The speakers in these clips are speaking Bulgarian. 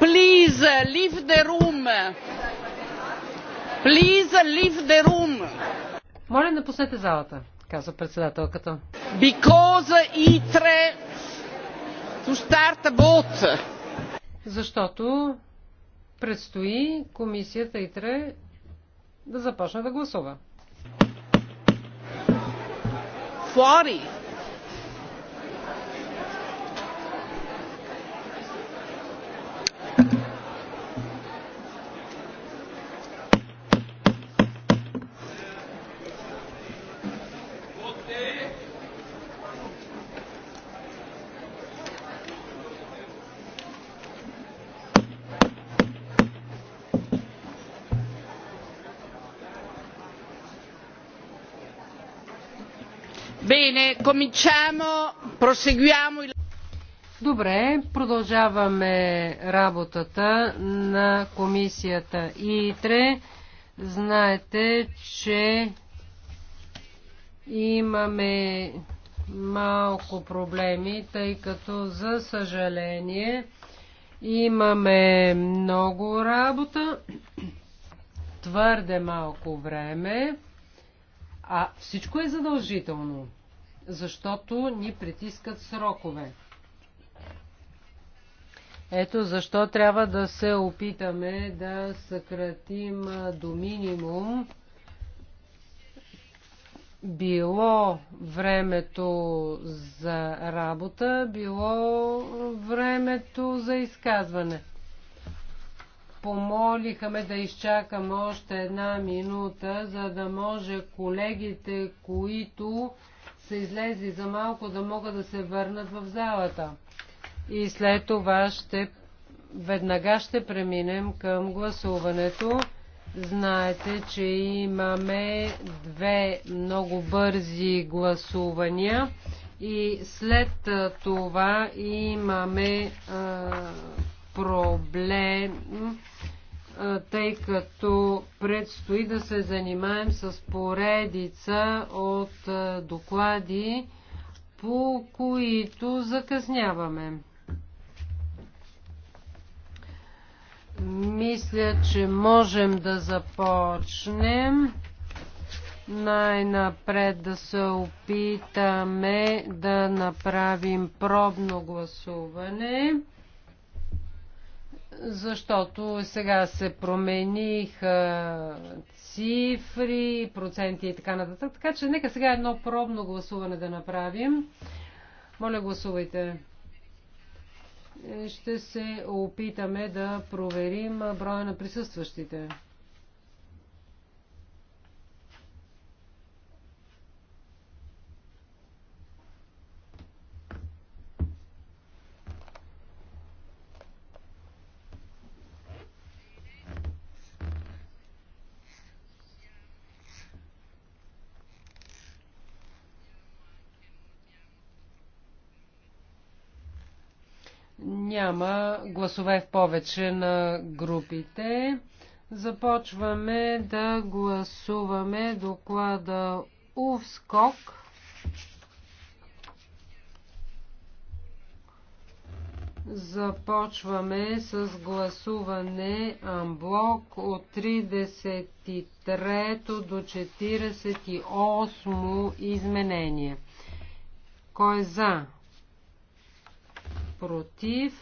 please uh, leave the room. Please uh, leave the room. Моля, напуснете залата, казва председателката. Because uh, ITRE to start a boat. Защото предстои комисията ИТРЕ да започне да гласува. Флори! Bene, cominciamo, proseguiamo. Добре, продължаваме работата на комисията ИТРЕ. Знаете, че имаме малко проблеми, тъй като, за съжаление, имаме много работа, твърде малко време, а всичко е задължително защото ни притискат срокове. Ето защо трябва да се опитаме да съкратим до минимум било времето за работа, било времето за изказване. Помолиха ме да изчакам още една минута, за да може колегите, които са излезли за малко да могат да се върнат в залата. И след това ще веднага ще преминем към гласуването. Знаете, че имаме две много бързи гласувания и след това имаме а, проблем тъй като предстои да се занимаем с поредица от доклади, по които закъсняваме. Мисля, че можем да започнем. Най-напред да се опитаме да направим пробно гласуване защото сега се промениха цифри, проценти и така нататък. Така че нека сега едно пробно гласуване да направим. Моля, гласувайте. Ще се опитаме да проверим броя на присъстващите. Няма гласове в повече на групите. Започваме да гласуваме доклада Увскок. Започваме с гласуване Амблок от 33 до 48 изменение. Кой е за? против.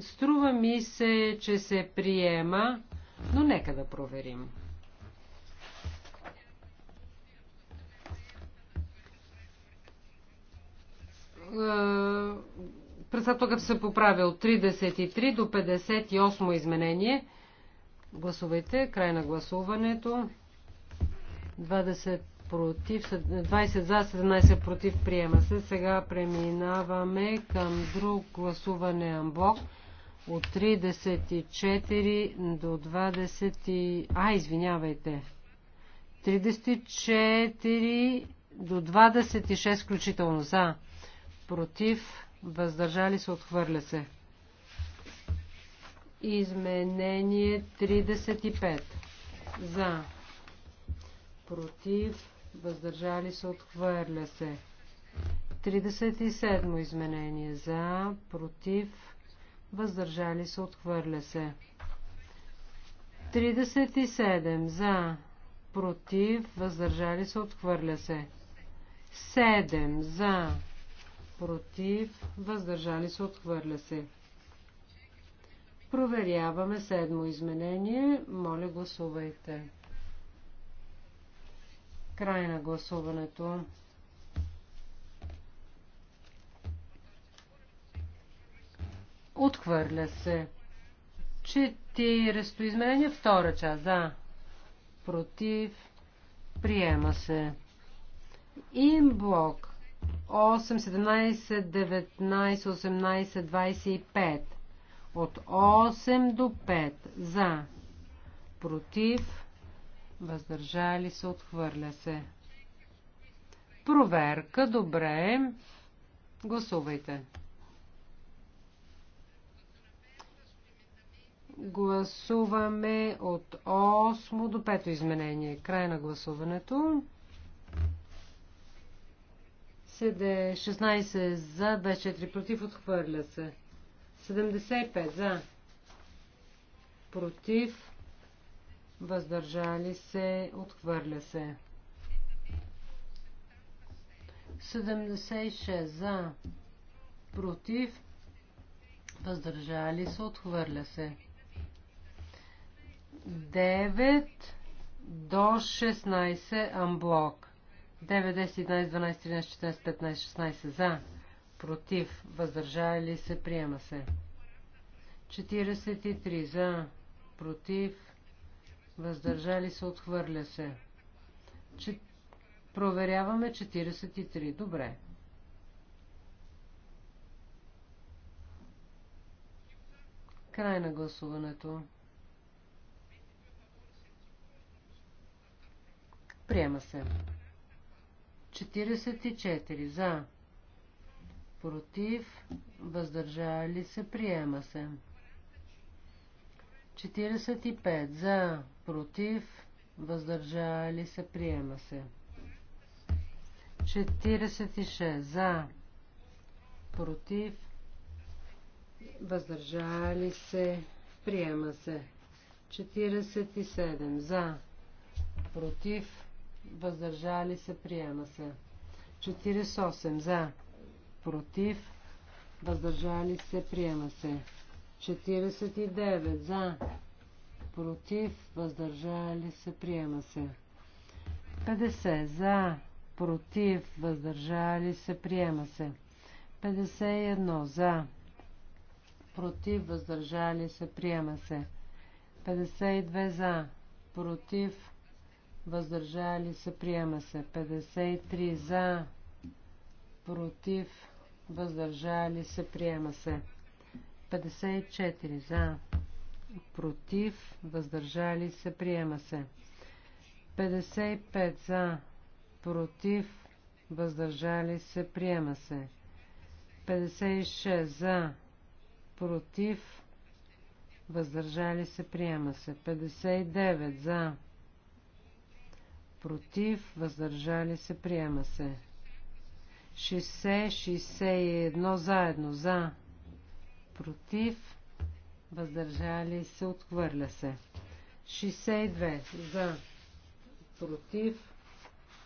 Струва ми се, че се приема, но нека да проверим. Е, Председателът се поправил 33 до 58 изменение. Гласувайте. Край на гласуването. 20 против, 20 за, 17 против, приема се. Сега преминаваме към друг гласуване блок от 34 до 20... А, извинявайте. 34 до 26 включително за, против, въздържали се, отхвърля се. Изменение 35 за, против, въздържали се, отхвърля се. 37 изменение за, против, въздържали се, отхвърля се. 37 за, против, въздържали се, отхвърля се. 7 за, против, въздържали се, отхвърля се. Проверяваме седмо изменение. Моля, гласувайте. Край на гласуването. Отхвърля се. Четиресто изменение. втора част, да. Против. Приема се. Инблок 8, 17, 19, 18, 25. От 8 до 5. За. Против въздържали се, отхвърля се. Проверка, добре. Гласувайте. Гласуваме от 8 до 5 изменение. Край на гласуването. 16 за, 24 против, отхвърля се. 75 за, против, въздържали се, отхвърля се. 76 за, против, въздържали се, отхвърля се. 9 до 16 амблок. 9, 10, 11, 12, 13, 14, 15, 16 за, против, въздържали се, приема се. 43 за, против, въздържали се, отхвърля се. Че... Проверяваме 43. Добре. Край на гласуването. Приема се. 44. За. Против. Въздържали се. Приема се. 45. За против, въздържали се, приема се. 46 за, против, въздържали се, приема се. 47 за, против, въздържали се, приема се. 48 за, против, въздържали се, приема се. 49 за, против, въздържали се, приема се. 50 за, против, въздържали се, приема се. 51 за, против, въздържали се, приема се. 52 за, против, въздържали се, приема се. 53 за, против, въздържали се, приема се. 54 за, против, въздържали се, приема се. 55 за, против, въздържали се, приема се. 56 за, против, въздържали се, приема се. 59 за, против, въздържали се, приема се. 60, 61 заедно за, против, въздържали се, отхвърля се. 62 за, против,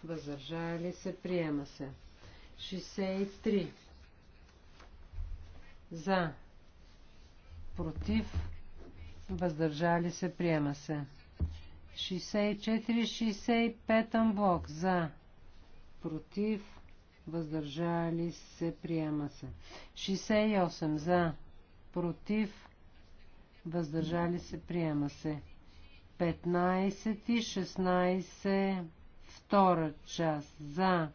въздържали се, приема се. 63 за, против, въздържали се, приема се. 64-65 амблок за, против, въздържали се, приема се. 68 за, против, въздържали се, приема се. 15 и 16, втора част, за,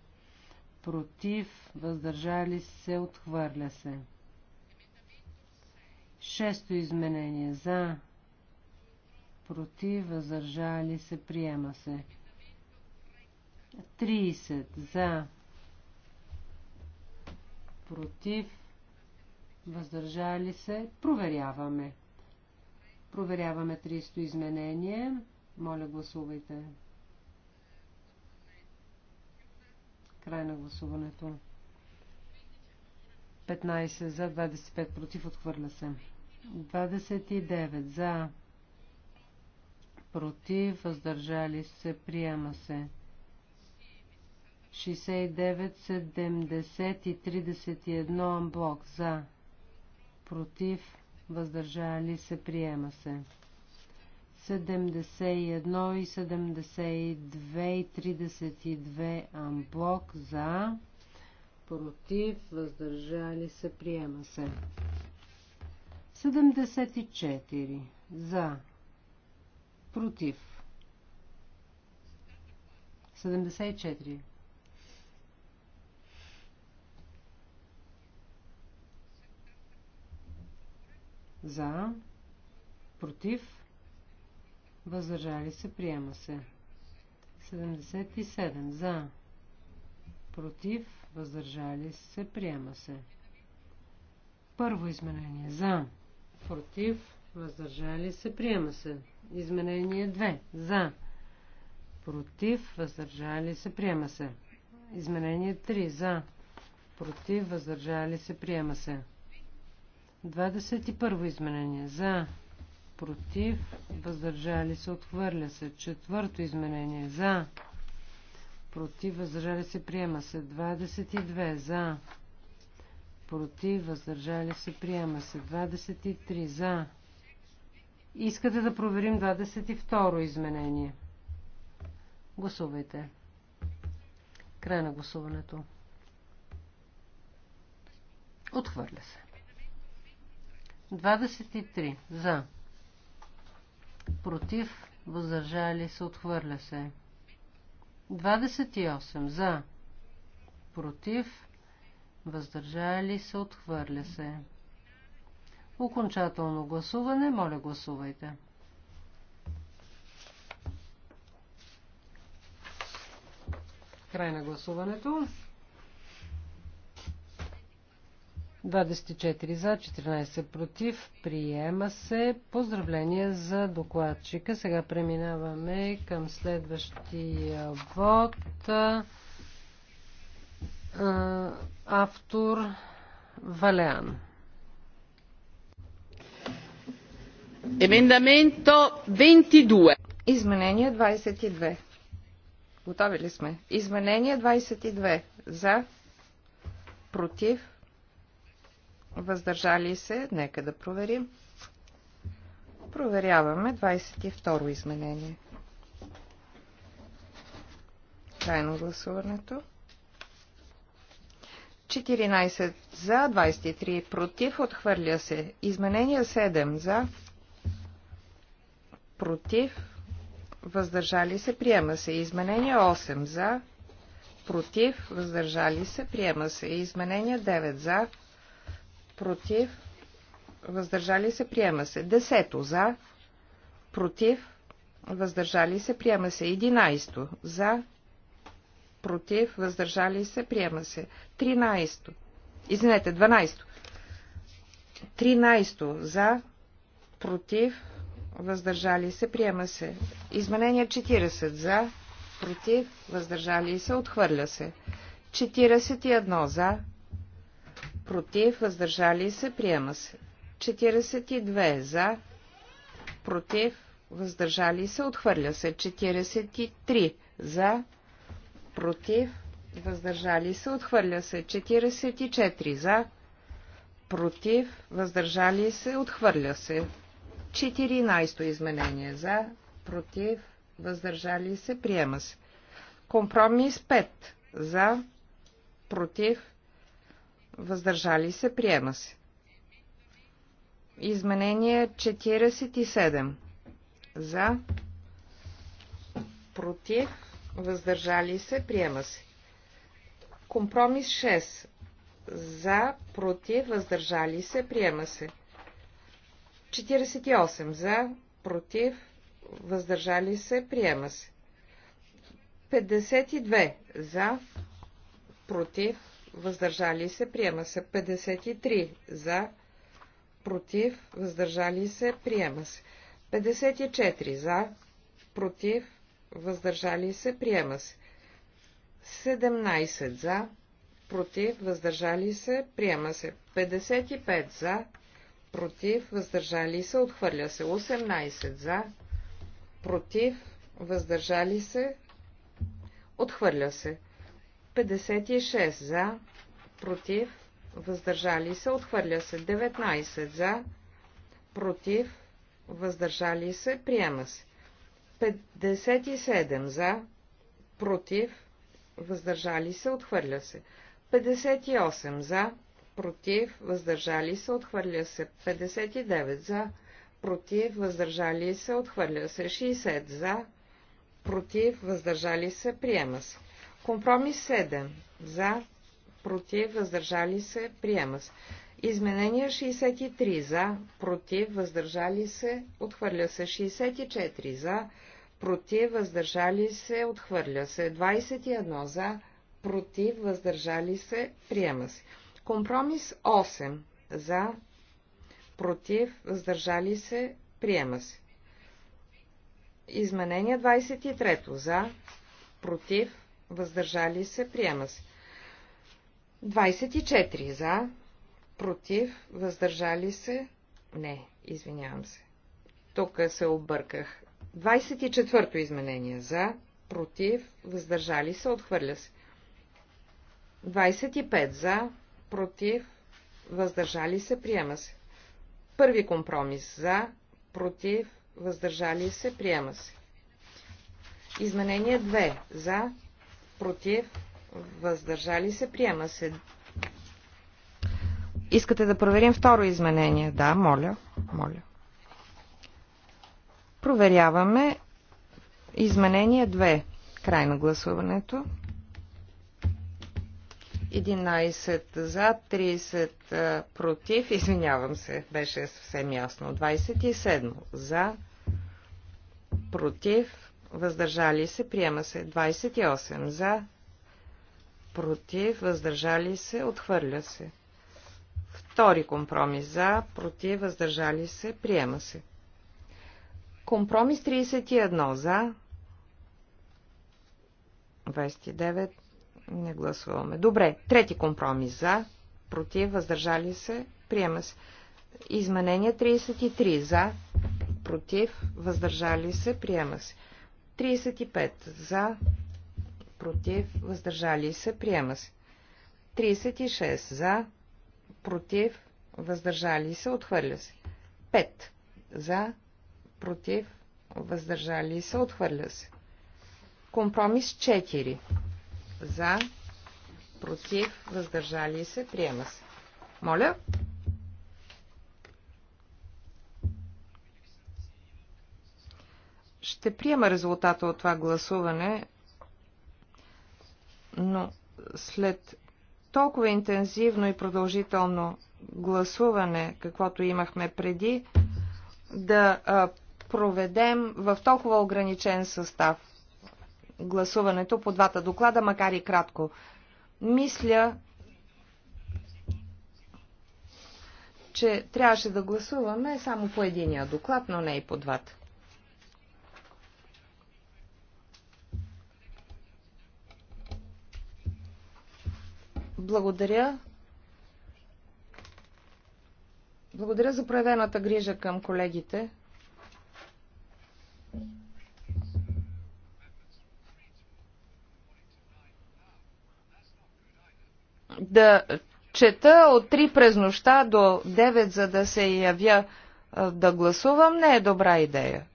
против, въздържали се, отхвърля се. Шесто изменение, за, против, въздържали се, приема се. 30, за, против, въздържали се, проверяваме. Проверяваме 300 изменение. Моля, гласувайте. Край на гласуването. 15 за, 25 против, отхвърля се. 29 за, против, въздържали се, приема се. 69, 70 и 31 блок за, против, въздържали се, приема се. 71 и 72 и 32 амблок за, против, въздържали се, приема се. 74 за, против. 74 За. Против. Въздържали се. Приема се. 77. За. Против. Въздържали се. Приема се. Първо изменение. За. Против. Въздържали се. Приема се. Изменение 2. За. Против. Въздържали се. Приема се. Изменение 3. За. Против. Въздържали се. Приема се. 21 изменение. За. Против. Въздържали се. Отхвърля се. Четвърто изменение. За. Против. Въздържали се. Приема се. 22. За. Против. Въздържали се. Приема се. 23. За. Искате да проверим 22 изменение. Гласувайте. Край на гласуването. Отхвърля се. 23. За. Против. Въздържали се. Отхвърля се. 28. За. Против. Въздържали се. Отхвърля се. Окончателно гласуване. Моля, гласувайте. Край на гласуването. 24 за, 14 против. Приема се. Поздравления за докладчика. Сега преминаваме към следващия вод. Автор Валеан. Емендаменто 22. Изменение 22. Готови ли сме? Изменение 22. За. Против въздържали се, нека да проверим. Проверяваме 22 изменение. Крайно гласуването. 14 за, 23 против, отхвърля се. Изменение 7 за, против, въздържали се, приема се. Изменение 8 за, против, въздържали се, приема се. Изменение 9 за, против, въздържали се, приема се. Десето за, против, въздържали се, приема се. Единайсто за, против, въздържали се, приема се. Тринайсто, извинете, дванайсто. Тринайсто за, против, въздържали се, приема се. Изменение 40 за, против, въздържали се, отхвърля се. 41 за, против, въздържали се, приема се. 42 за, против, въздържали се, отхвърля се. 43 за, против, въздържали се, отхвърля се. 44 за, против, въздържали се, отхвърля се. 14 изменение за, против, въздържали се, приема се. Компромис 5 за, против, въздържали се, приема се. Изменение 47. За, против, въздържали се, приема се. Компромис 6. За, против, въздържали се, приема се. 48. За, против, въздържали се, приема се. 52. За, против, въздържали се, приема се. 53 за, против, въздържали се, приема се. 54 за, против, въздържали се, приема се. 17 за, против, въздържали се, приема се. 55 за, против, въздържали се, отхвърля се. 18 за, против, въздържали се, отхвърля се. 56 за, против, въздържали се, отхвърля се. 19 за, против, въздържали се, приема се. 57 за, против, въздържали се, отхвърля се. 58 за, против, въздържали се, отхвърля се. 59 за, против, въздържали се, отхвърля се. 60 за, против, въздържали се, приема се. Компромис 7. За, против, въздържали се, приема се. Изменение 63. За, против, въздържали се, отхвърля се. 64. За, против, въздържали се, отхвърля се. 21. За, против, въздържали се, приема се. Компромис 8. За, против, въздържали се, приема се. Изменение 23. За, против, въздържали се, приема се. 24 за, против, въздържали се, не, извинявам се. Тук се обърках. 24-то изменение за, против, въздържали се, отхвърля се. 25 за, против, въздържали се, приема се. Първи компромис за, против, въздържали се, приема се. Изменение 2 за, против, въздържали се, приема се. Искате да проверим второ изменение? Да, моля, моля. Проверяваме изменение 2. Край на гласуването. 11 за, 30 против, извинявам се, беше съвсем ясно. 27 за, против, въздържали се, приема се. 28 за, против, въздържали се, отхвърля се. Втори компромис за, против, въздържали се, приема се. Компромис 31 за, 29, не гласуваме. Добре, трети компромис за, против, въздържали се, приема се. Изменение 33 за, против, въздържали се, приема се. 35 за, против, въздържали се, приема се. 36 за, против, въздържали се, отхвърля се. 5 за, против, въздържали се, отхвърля се. Компромис 4 за, против, въздържали се, приема се. Моля? ще приема резултата от това гласуване, но след толкова интензивно и продължително гласуване, каквото имахме преди, да проведем в толкова ограничен състав гласуването по двата доклада, макар и кратко. Мисля, че трябваше да гласуваме само по единия доклад, но не и по двата. Благодаря. Благодаря за проявената грижа към колегите. Да чета от 3 през нощта до 9, за да се явя да гласувам, не е добра идея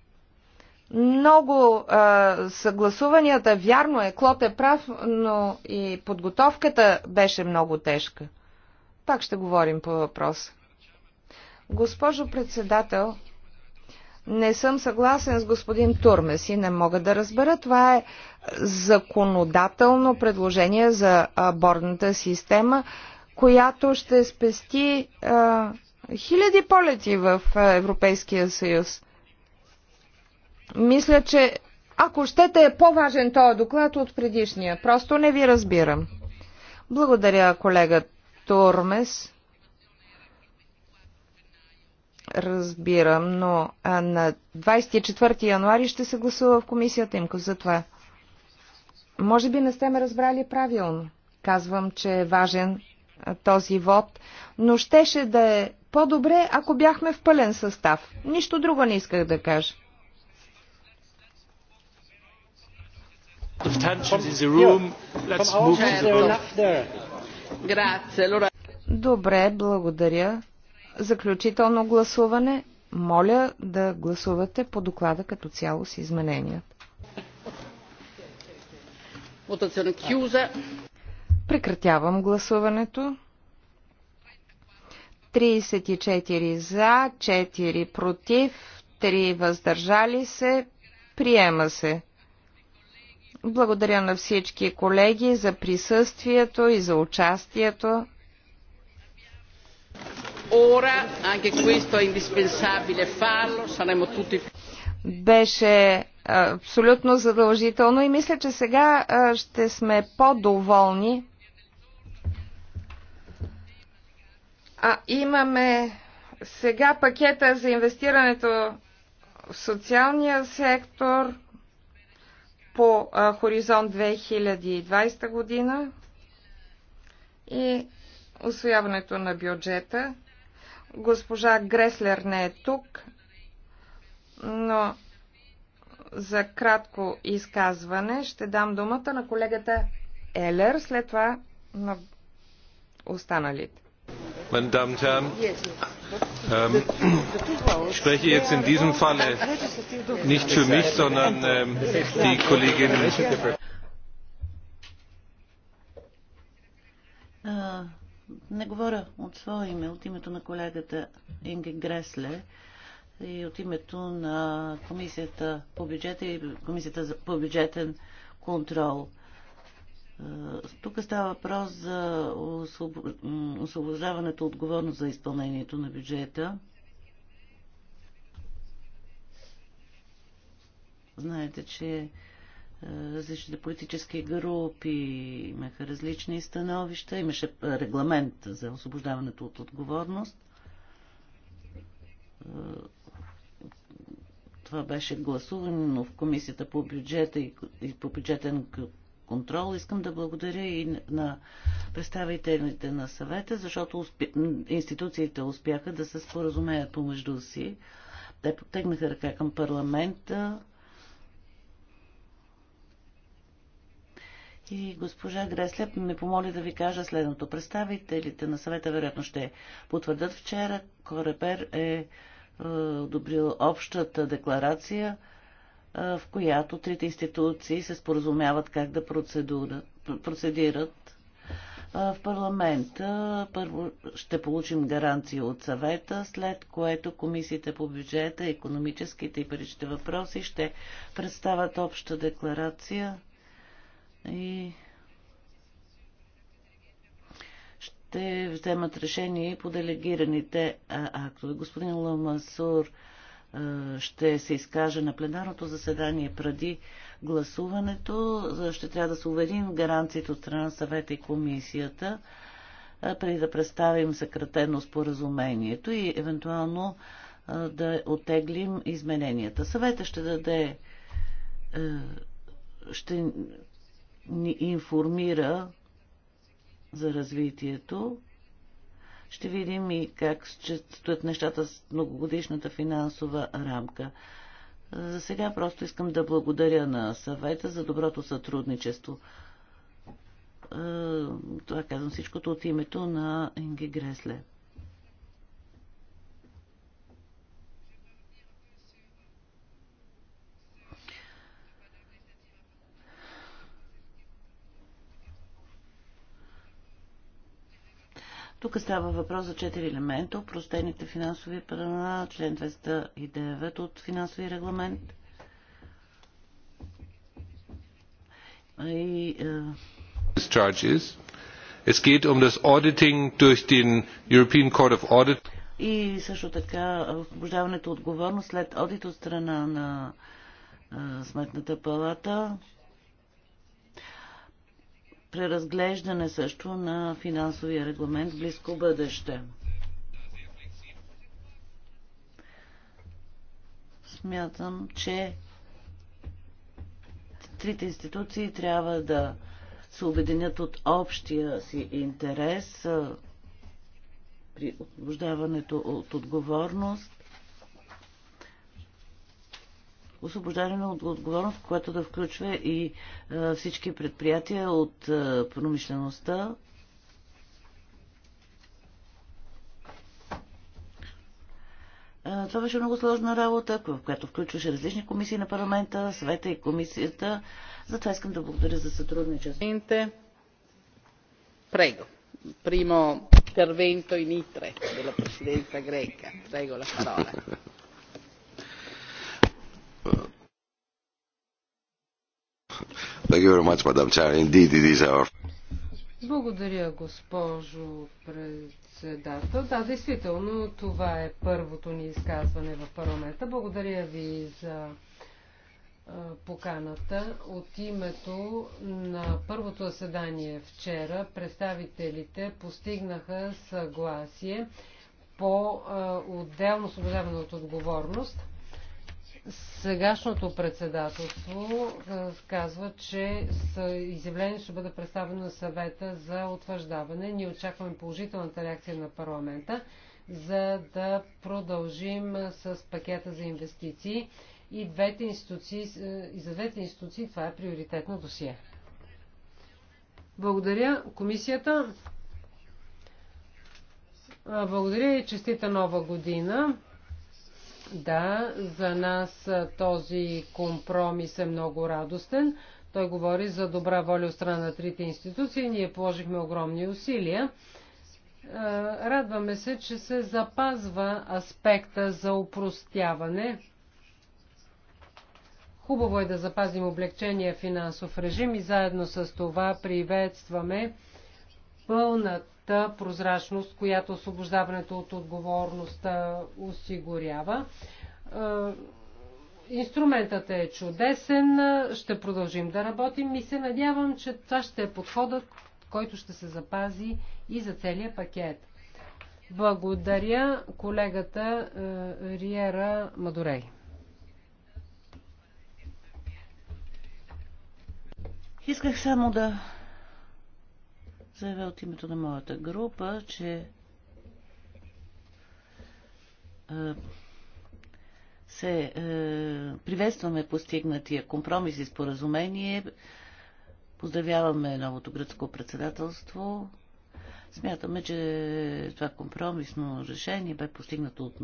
много а, съгласуванията, вярно е, Клод е прав, но и подготовката беше много тежка. Пак ще говорим по въпроса. Госпожо председател, не съм съгласен с господин Турмес и не мога да разбера. Това е законодателно предложение за борната система, която ще спести а, хиляди полети в Европейския съюз. Мисля, че ако щете е по-важен този доклад от предишния. Просто не ви разбирам. Благодаря, колега Тормес. Разбирам, но а, на 24 януари ще се гласува в комисията им за това. Може би не сте ме разбрали правилно. Казвам, че е важен този вод, но щеше да е по-добре, ако бяхме в пълен състав. Нищо друго не исках да кажа. Mm. Добре, благодаря. Заключително гласуване. Моля да гласувате по доклада като цяло с измененията. Прекратявам гласуването. 34 за, 4 против, 3 въздържали се. Приема се. Благодаря на всички колеги за присъствието и за участието. Беше е, абсолютно задължително и мисля, че сега е, ще сме по-доволни. А имаме сега пакета за инвестирането в социалния сектор – по Хоризонт 2020 година и освояването на бюджета. Госпожа Греслер не е тук, но за кратко изказване ще дам думата на колегата Елер, след това на останалите. Мадам ich ähm, spreche jetzt in diesem Falle nicht für mich, sondern ähm, die Kollegin. Äh, не говоря от свое име, от името на колегата Инге Гресле и от името на Комисията по бюджета и Комисията по бюджетен контрол. Uh, тук става въпрос за освобождаването отговорност за изпълнението на бюджета. Знаете, че е, различните политически групи имаха различни становища. Имаше е, регламент за освобождаването от отговорност. Е, това беше гласувано в Комисията по бюджета и по бюджетен контрол. Искам да благодаря и на представителите на съвета, защото успе... институциите успяха да се споразумеят помежду си. Те потегнаха ръка към парламента. И госпожа Греслеп ме помоли да ви кажа следното. Представителите на съвета вероятно ще потвърдят вчера. Корепер е, е одобрил общата декларация в която трите институции се споразумяват как да процедират. В парламента първо ще получим гаранция от съвета, след което комисиите по бюджета, економическите и паричните въпроси ще представят обща декларация и ще вземат решение по делегираните актове. Господин Ламасур, е, ще се изкаже на пленарното заседание преди гласуването. Е, ще трябва да се уверим в гаранциите от страна на съвета и комисията, е, преди да представим съкратено споразумението и евентуално да отеглим измененията. Съвета ще даде ще ни информира за развитието ще видим и как стоят нещата с многогодишната финансова рамка. За сега просто искам да благодаря на съвета за доброто сътрудничество. Е, това казвам всичкото от името на Инги Гресле. Тук става въпрос за четири елемента. Простените финансови правила, член 209 от финансови регламент. И, е, Charges. Es geht um das Auditing durch den European Court of Audit. И също така освобождаването отговорност след одит от страна на е, Сметната палата преразглеждане също на финансовия регламент в близко бъдеще. Смятам, че трите институции трябва да се обединят от общия си интерес при освобождаването от отговорност освобождаване от отговорност, което да включва и е, всички предприятия от е, промишлеността. Е, това беше много сложна работа, в която включваше различни комисии на парламента, съвета и комисията. Затова искам да благодаря за сътрудничеството. Прего. Primo intervento in ITRE della presidenza greca. Prego la parola. Thank you very much, Madam Chair. Indeed, it is our... Благодаря, госпожо председател. Да, действително, това е първото ни изказване в парламента. Благодаря ви за поканата. От името на първото заседание вчера представителите постигнаха съгласие по отделно освобождаване от отговорност. Сегашното председателство казва, че изявление ще бъде представено на съвета за утвърждаване. Ние очакваме положителната реакция на парламента, за да продължим с пакета за инвестиции. И, двете институции, и за двете институции това е приоритетно досие. Благодаря. Комисията. Благодаря и честита нова година. Да, за нас този компромис е много радостен. Той говори за добра воля от страна на трите институции. Ние положихме огромни усилия. Радваме се, че се запазва аспекта за упростяване. Хубаво е да запазим облегчения финансов режим и заедно с това приветстваме пълната та прозрачност, която освобождаването от отговорността осигурява. Инструментът е чудесен, ще продължим да работим и се надявам, че това ще е подходът, който ще се запази и за целия пакет. Благодаря колегата Риера Мадорей. Исках само да заявя от името на моята група, че се е, приветстваме постигнатия компромис и споразумение. Поздравяваме новото гръцко председателство. Смятаме, че това компромисно решение бе постигнато от,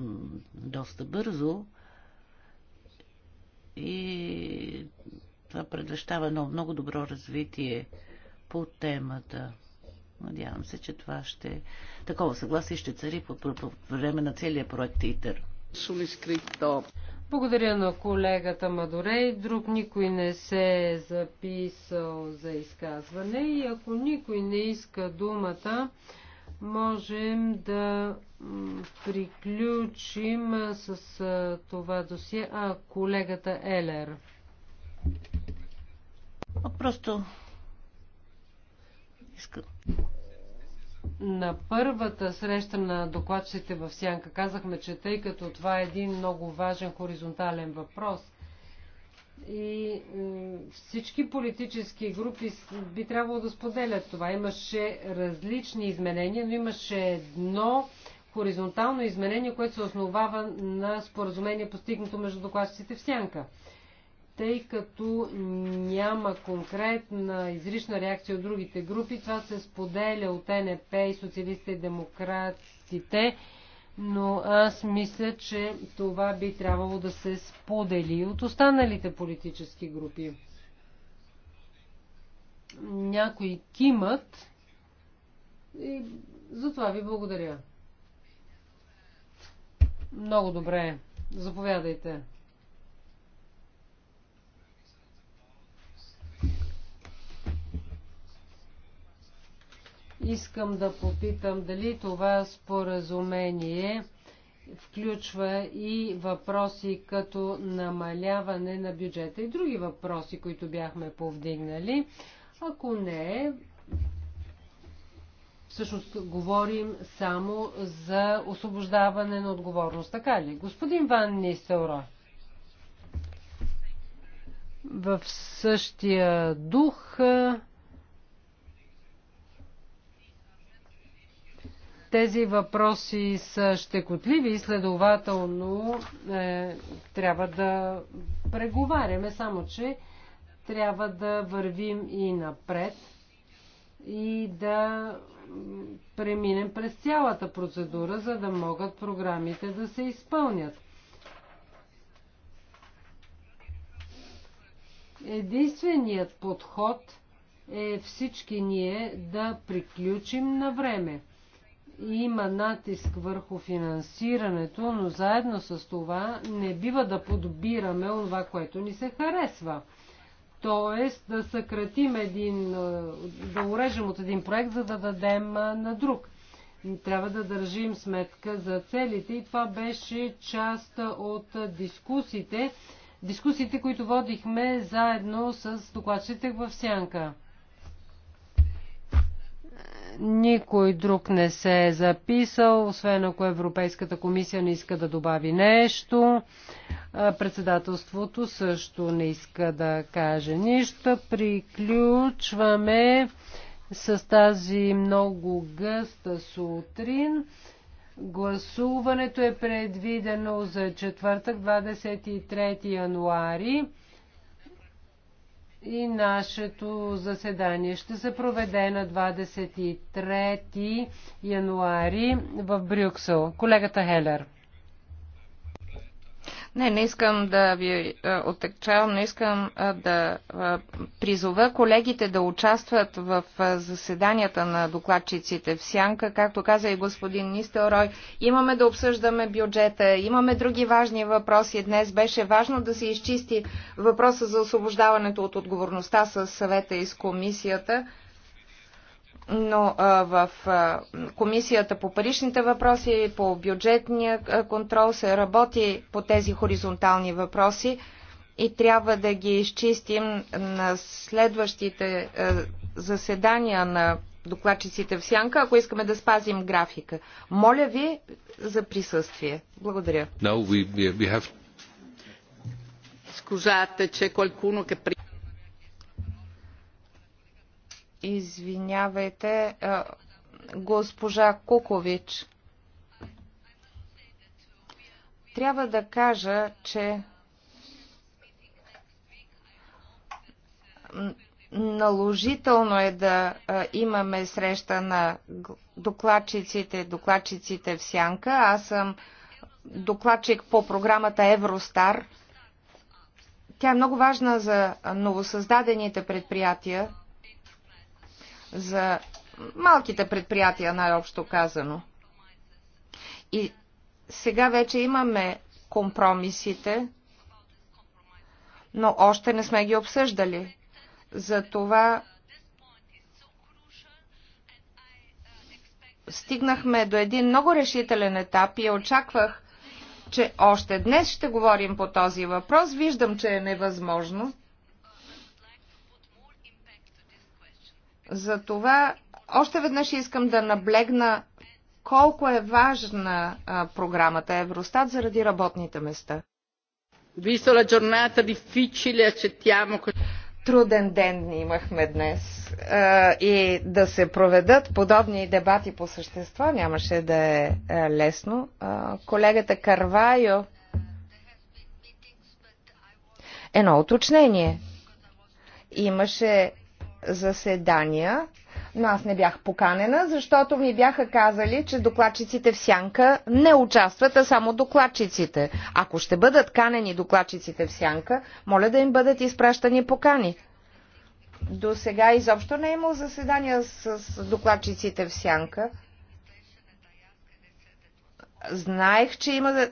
доста бързо и това предвещава едно много добро развитие по темата. Надявам се, че това ще... Такова съгласие ще цари по, по, по време на целия проект ИТЕР. Благодаря на колегата Мадорей. Друг никой не се е записал за изказване и ако никой не иска думата, можем да приключим с това досие. А, колегата Елер. Просто на първата среща на докладчите в Сянка казахме, че тъй като това е един много важен хоризонтален въпрос и всички политически групи би трябвало да споделят това. Имаше различни изменения, но имаше едно хоризонтално изменение, което се основава на споразумение постигнато между докладчиците в Сянка тъй като няма конкретна изрична реакция от другите групи. Това се споделя от НП и социалистите и демократите, но аз мисля, че това би трябвало да се сподели от останалите политически групи. Някои кимат и затова ви благодаря. Много добре. Заповядайте. Искам да попитам дали това споразумение включва и въпроси като намаляване на бюджета и други въпроси, които бяхме повдигнали. Ако не, всъщност говорим само за освобождаване на отговорност. Така ли? Господин Ван Нистелро, в същия дух Тези въпроси са щекотливи и следователно е, трябва да преговаряме, само че трябва да вървим и напред и да преминем през цялата процедура, за да могат програмите да се изпълнят. Единственият подход е всички ние да приключим на време има натиск върху финансирането, но заедно с това не бива да подбираме това, което ни се харесва. Тоест да съкратим един, да урежем от един проект, за да дадем на друг. Трябва да държим сметка за целите и това беше част от дискусите, дискусиите, които водихме заедно с докладчите в Сянка. Никой друг не се е записал, освен ако Европейската комисия не иска да добави нещо. Председателството също не иска да каже нищо. Приключваме с тази много гъста сутрин. Гласуването е предвидено за четвъртък, 23 януари и нашето заседание ще се проведе на 23 януари в Брюксел. Колегата Хелер. Не, не искам да ви отекчавам, но искам да призова колегите да участват в заседанията на докладчиците в Сянка. Както каза и господин Нистелрой, имаме да обсъждаме бюджета, имаме други важни въпроси. Днес беше важно да се изчисти въпроса за освобождаването от отговорността с съвета и с комисията но в Комисията по паричните въпроси и по бюджетния контрол се работи по тези хоризонтални въпроси и трябва да ги изчистим на следващите заседания на докладчиците в сянка, ако искаме да спазим графика. Моля ви за присъствие. Благодаря. Scusate, c'è qualcuno Извинявайте, госпожа Кукович. Трябва да кажа, че наложително е да имаме среща на докладчиците, докладчиците в Сянка. Аз съм докладчик по програмата Евростар. Тя е много важна за новосъздадените предприятия за малките предприятия, най-общо казано. И сега вече имаме компромисите, но още не сме ги обсъждали. Затова стигнахме до един много решителен етап и очаквах, че още днес ще говорим по този въпрос. Виждам, че е невъзможно. Затова още веднъж искам да наблегна колко е важна а, програмата Евростат заради работните места. труден ден имахме днес и да се проведат подобни дебати по същество нямаше да е лесно. Колегата Карвайо. Едно уточнение. Имаше заседания, но аз не бях поканена, защото ми бяха казали, че докладчиците в сянка не участват, а само докладчиците. Ако ще бъдат канени докладчиците в сянка, моля да им бъдат изпращани покани. До сега изобщо не е имал заседания с докладчиците в сянка. Знаех, че има е,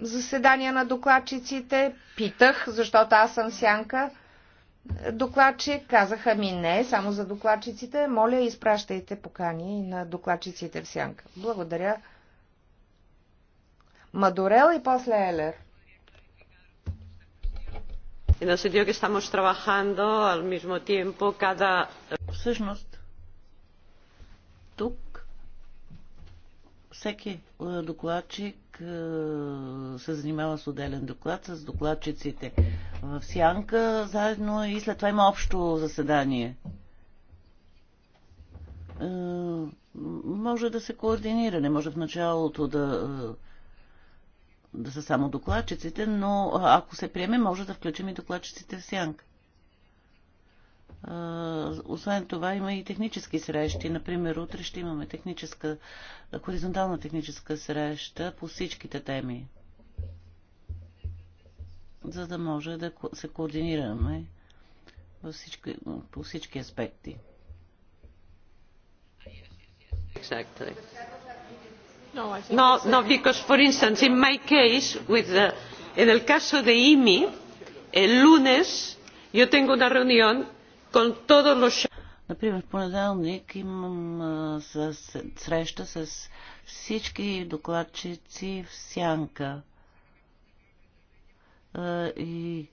заседания на докладчиците, питах, защото аз съм сянка докладчик, казаха ми не, само за докладчиците. Моля, изпращайте покани на докладчиците в сянка. Благодаря. Мадорел и после Елер. И на седио que estamos trabajando ал мисмо tiempo када... Всъщност, тук всеки е, докладчик е, се занимава с отделен доклад, с докладчиците в сянка заедно и след това има общо заседание. Е, може да се координира, не може в началото да, да са само докладчиците, но ако се приеме, може да включим и докладчиците в сянка. Освен това има и технически срещи. Например, утре ще имаме техническа, хоризонтална техническа среща по всичките теми. За да може да се координираме във всички, по всички аспекти. Exactly. No, no, because for instance in my case with the, en el caso de IMI el lunes yo tengo una reunión Например, в понеделник имам среща с всички докладчици в Сянка. и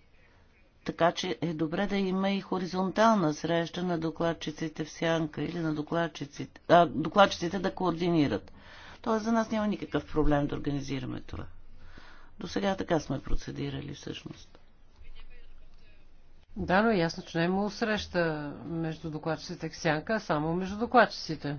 така че е добре да има и хоризонтална среща на докладчиците в сянка или на докладчиците, а, докладчиците да координират. Тоест за нас няма никакъв проблем да организираме това. До сега така сме процедирали всъщност. Да, но е ясно, че не е му среща между докладчиците Ксянка, а само между докладчиците.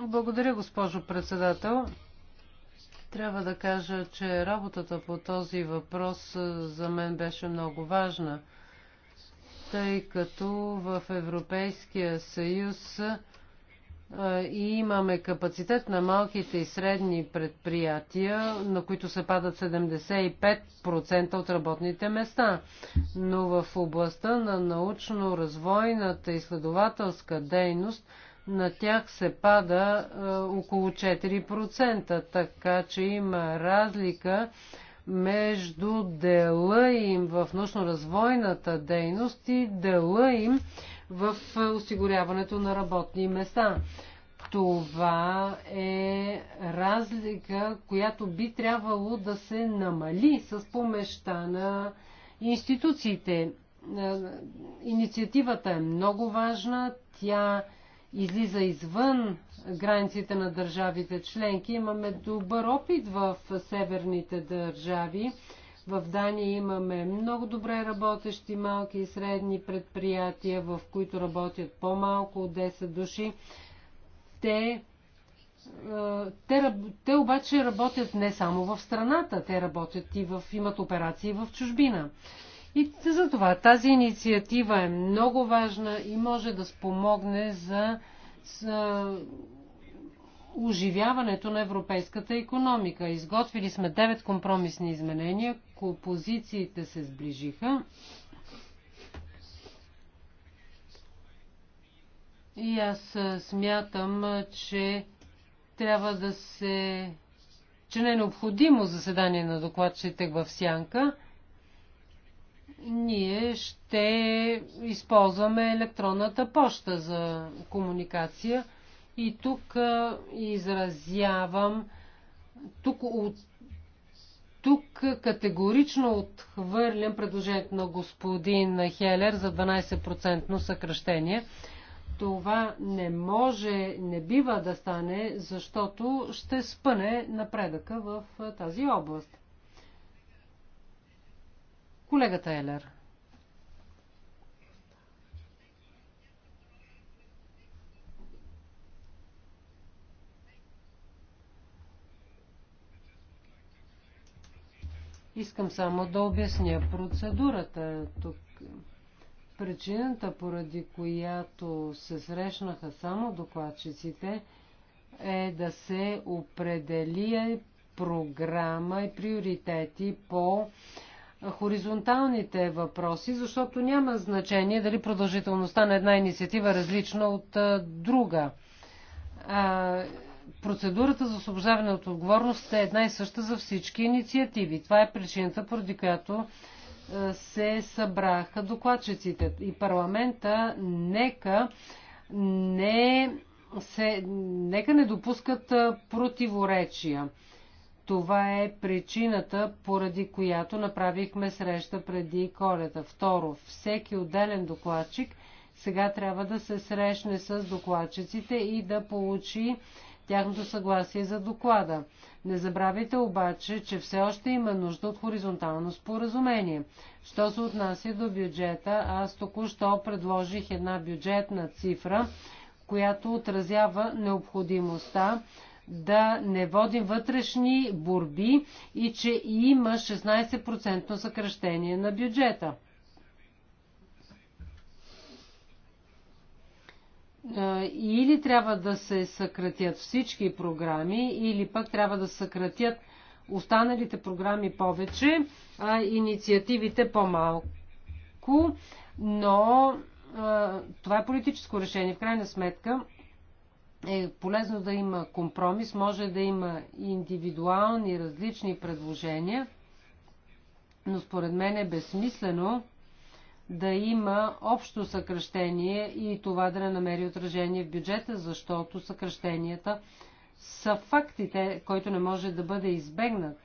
Благодаря, госпожо председател. Трябва да кажа, че работата по този въпрос е, за мен беше много важна, тъй като в Европейския съюз и имаме капацитет на малките и средни предприятия, на които се падат 75% от работните места. Но в областта на научно-развойната изследователска дейност на тях се пада около 4%, така че има разлика между дела им в научно-развойната дейност и дела им в е, осигуряването на работни места. Това е разлика, която би трябвало да се намали с помеща на институциите. Е, инициативата е много важна. Тя излиза извън границите на държавите членки. Имаме добър опит в северните държави в Дания имаме много добре работещи малки и средни предприятия, в които работят по-малко от 10 души. Те, е, те, те обаче работят не само в страната, те работят и в, имат операции в чужбина. И за това тази инициатива е много важна и може да спомогне за, за оживяването на европейската економика. Изготвили сме 9 компромисни изменения, ако позициите се сближиха, и аз смятам, че трябва да се че не е необходимо заседание на докладчите в Сянка, ние ще използваме електронната поща за комуникация. И тук изразявам, тук от. Тук категорично отхвърлям предложението на господин Хелер за 12% съкръщение. Това не може, не бива да стане, защото ще спъне напредъка в тази област. Колегата Елер. Искам само да обясня процедурата тук. Причината, поради която се срещнаха само докладчиците, е да се определи програма и приоритети по хоризонталните въпроси, защото няма значение дали продължителността на една инициатива е различна от друга процедурата за освобождаване от отговорност е една и съща за всички инициативи. Това е причината, поради която е, се събраха докладчиците и парламента. Нека не, се, нека не допускат е, противоречия. Това е причината, поради която направихме среща преди колета. Второ, всеки отделен докладчик сега трябва да се срещне с докладчиците и да получи тяхното съгласие за доклада. Не забравяйте обаче, че все още има нужда от хоризонтално споразумение. Що се отнася до бюджета, аз току-що предложих една бюджетна цифра, която отразява необходимостта да не водим вътрешни борби и че има 16% съкръщение на бюджета. Е, или трябва да се съкратят всички програми, или пък трябва да съкратят останалите програми повече, а инициативите по-малко, но е, това е политическо решение. В крайна сметка е полезно да има компромис, може да има индивидуални различни предложения, но според мен е безсмислено да има общо съкръщение и това да не намери отражение в бюджета, защото съкръщенията са фактите, който не може да бъде избегнат.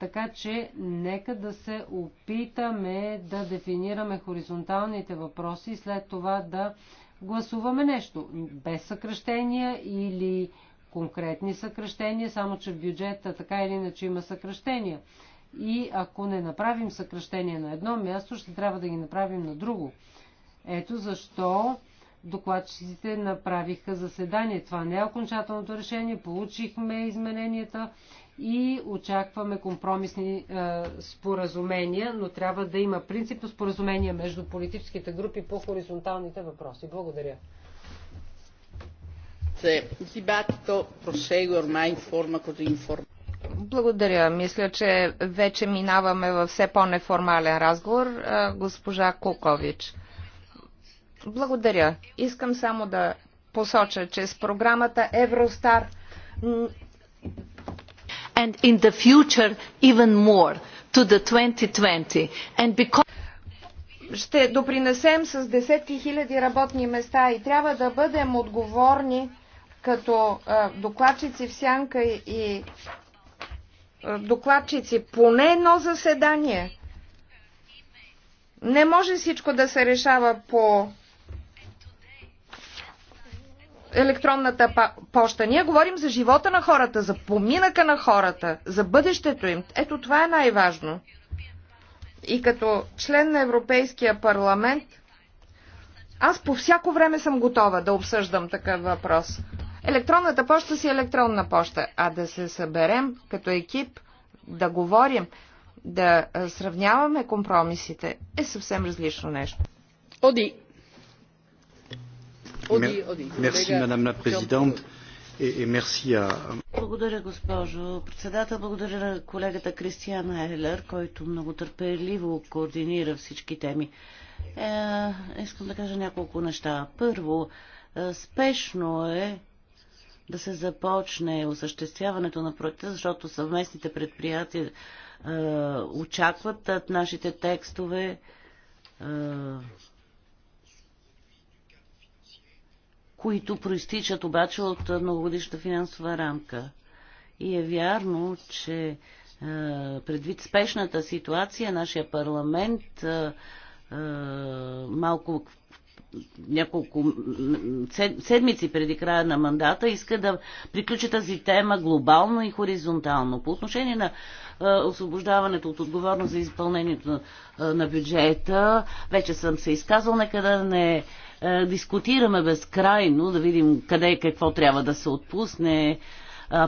Така че нека да се опитаме да дефинираме хоризонталните въпроси и след това да гласуваме нещо. Без съкръщения или конкретни съкръщения, само че в бюджета така или иначе има съкръщения. И ако не направим съкръщение на едно място, ще трябва да ги направим на друго. Ето защо докладчиците направиха заседание. Това не е окончателното решение. Получихме измененията и очакваме компромисни е, споразумения, но трябва да има принципно споразумение между политическите групи по хоризонталните въпроси. Благодаря. Се, dibattito prosegue ormai форма като così благодаря. Мисля, че вече минаваме във все по-неформален разговор. Госпожа Кукович. Благодаря. Искам само да посоча, че с програмата Евростар and in the future even more to the 2020 and because ще допринесем с десетки хиляди работни места и трябва да бъдем отговорни като докладчици в сянка и е, докладчици, поне едно заседание. Не може всичко да се решава по електронната поща. Ние говорим за живота на хората, за поминъка на хората, за бъдещето им. Ето това е най-важно. И като член на Европейския парламент, аз по всяко време съм готова да обсъждам такъв въпрос електронната почта си е електронна почта, а да се съберем като екип, да говорим, да сравняваме компромисите е съвсем различно нещо. Оди. Оди, оди. Мерси, мадам президент. Благодаря, госпожо председател. Благодаря на колегата Кристиан Елер, който много търпеливо координира всички теми. Е, искам да кажа няколко неща. Първо, е, спешно е да се започне осъществяването на проекта, защото съвместните предприятия е, очакват от е, нашите текстове. Е, които проистичат обаче от многогодишната финансова рамка. И е вярно, че е, предвид спешната ситуация, нашия парламент е, е малко няколко седмици преди края на мандата иска да приключи тази тема глобално и хоризонтално. По отношение на освобождаването от отговорност за изпълнението на бюджета, вече съм се изказал, нека да не дискутираме безкрайно, да видим къде и какво трябва да се отпусне,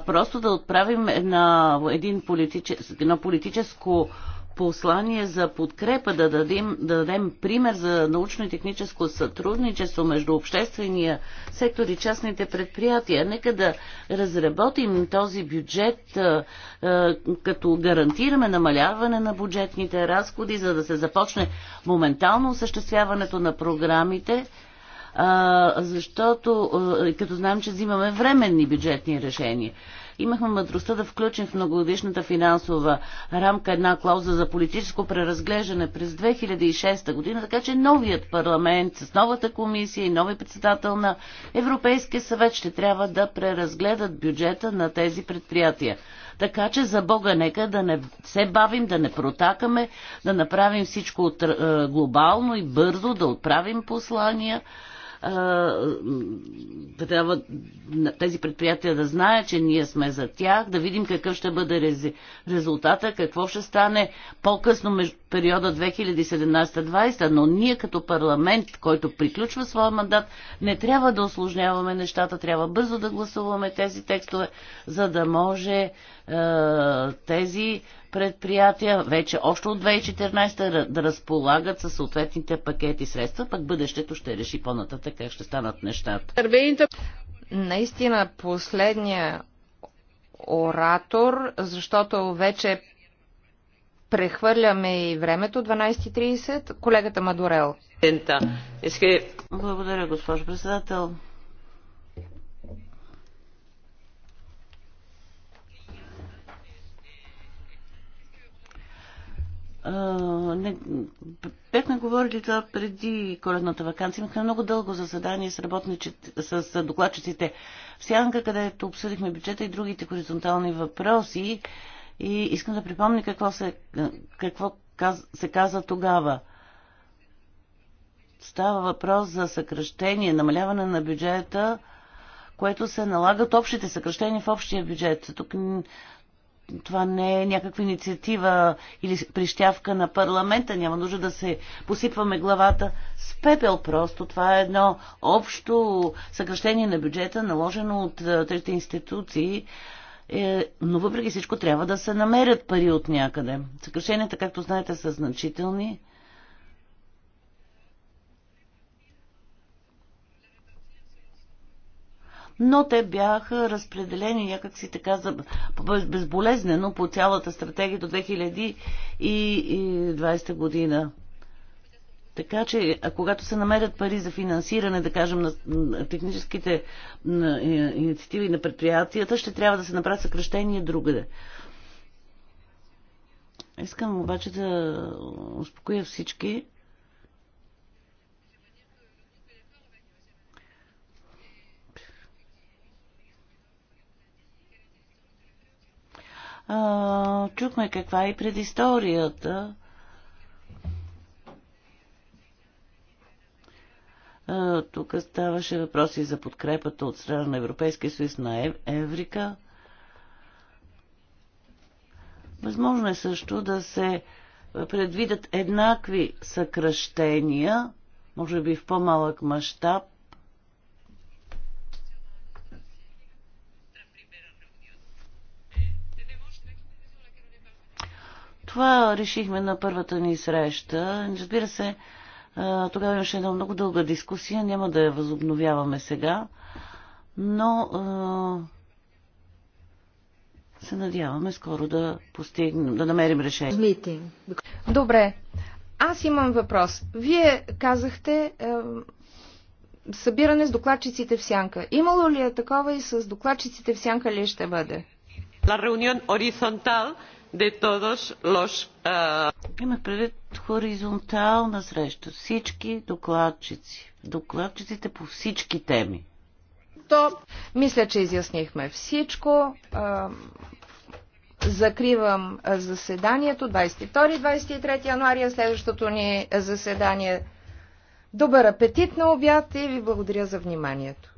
просто да отправим на един политичес, едно политическо послание за подкрепа, да дадем, да дадем пример за научно-техническо и сътрудничество между обществения сектор и частните предприятия. Нека да разработим този бюджет, като гарантираме намаляване на бюджетните разходи, за да се започне моментално осъществяването на програмите, защото като знаем, че взимаме временни бюджетни решения имахме мъдростта да включим в многогодишната финансова рамка една клауза за политическо преразглеждане през 2006 година, така че новият парламент с новата комисия и нови председател на Европейския съвет ще трябва да преразгледат бюджета на тези предприятия. Така че за Бога нека да не се бавим, да не протакаме, да направим всичко от, е, глобално и бързо, да отправим послания, трябва тези предприятия да знаят, че ние сме за тях, да видим какъв ще бъде резултата, какво ще стане по-късно между периода 2017-2020, но ние като парламент, който приключва своя мандат, не трябва да осложняваме нещата, трябва бързо да гласуваме тези текстове, за да може е, тези предприятия вече още от 2014 да разполагат със съответните пакети средства, пък бъдещето ще реши по-нататък как ще станат нещата. Наистина последния оратор, защото вече Прехвърляме и времето 12.30. Колегата Мадурел. Благодаря, госпожо председател. не, бяхме говорили това преди коледната вакансия. Имахме много дълго заседание с, с докладчиците в Сянка, където обсъдихме бюджета и другите хоризонтални въпроси. И искам да припомня какво се, какво каз, се каза тогава. Става въпрос за съкръщение, намаляване на бюджета, което се налагат общите съкръщения в общия бюджет. Тук това не е някаква инициатива или прищявка на парламента. Няма нужда да се посипваме главата с пепел просто. Това е едно общо съкръщение на бюджета, наложено от трите институции е, но въпреки всичко трябва да се намерят пари от някъде. Съкрешенията, както знаете, са значителни. но те бяха разпределени някакси така за, безболезнено по цялата стратегия до 2020 година. Така че, когато се намерят пари за финансиране, да кажем, на техническите инициативи на предприятията, ще трябва да се направят съкръщения другаде. Искам обаче да успокоя всички. А, чухме каква е предисторията Тук ставаше въпроси за подкрепата от страна на Европейския съюз на Еврика. Възможно е също да се предвидят еднакви съкръщения, може би в по-малък мащаб, Това решихме на първата ни среща. Разбира се, тогава имаше една много дълга дискусия, няма да я възобновяваме сега, но се надяваме скоро да постигнем, да намерим решение. Добре. Аз имам въпрос. Вие казахте е, събиране с докладчиците в сянка. Имало ли е такова и с докладчиците в сянка ли ще бъде? La reunión horizontal de todos los... Eh, предвид хоризонтална среща. Всички докладчици. Докладчиците по всички теми. То, мисля, че изяснихме всичко. закривам заседанието 22-23 януаря, е следващото ни заседание. Добър апетит на обяд и ви благодаря за вниманието.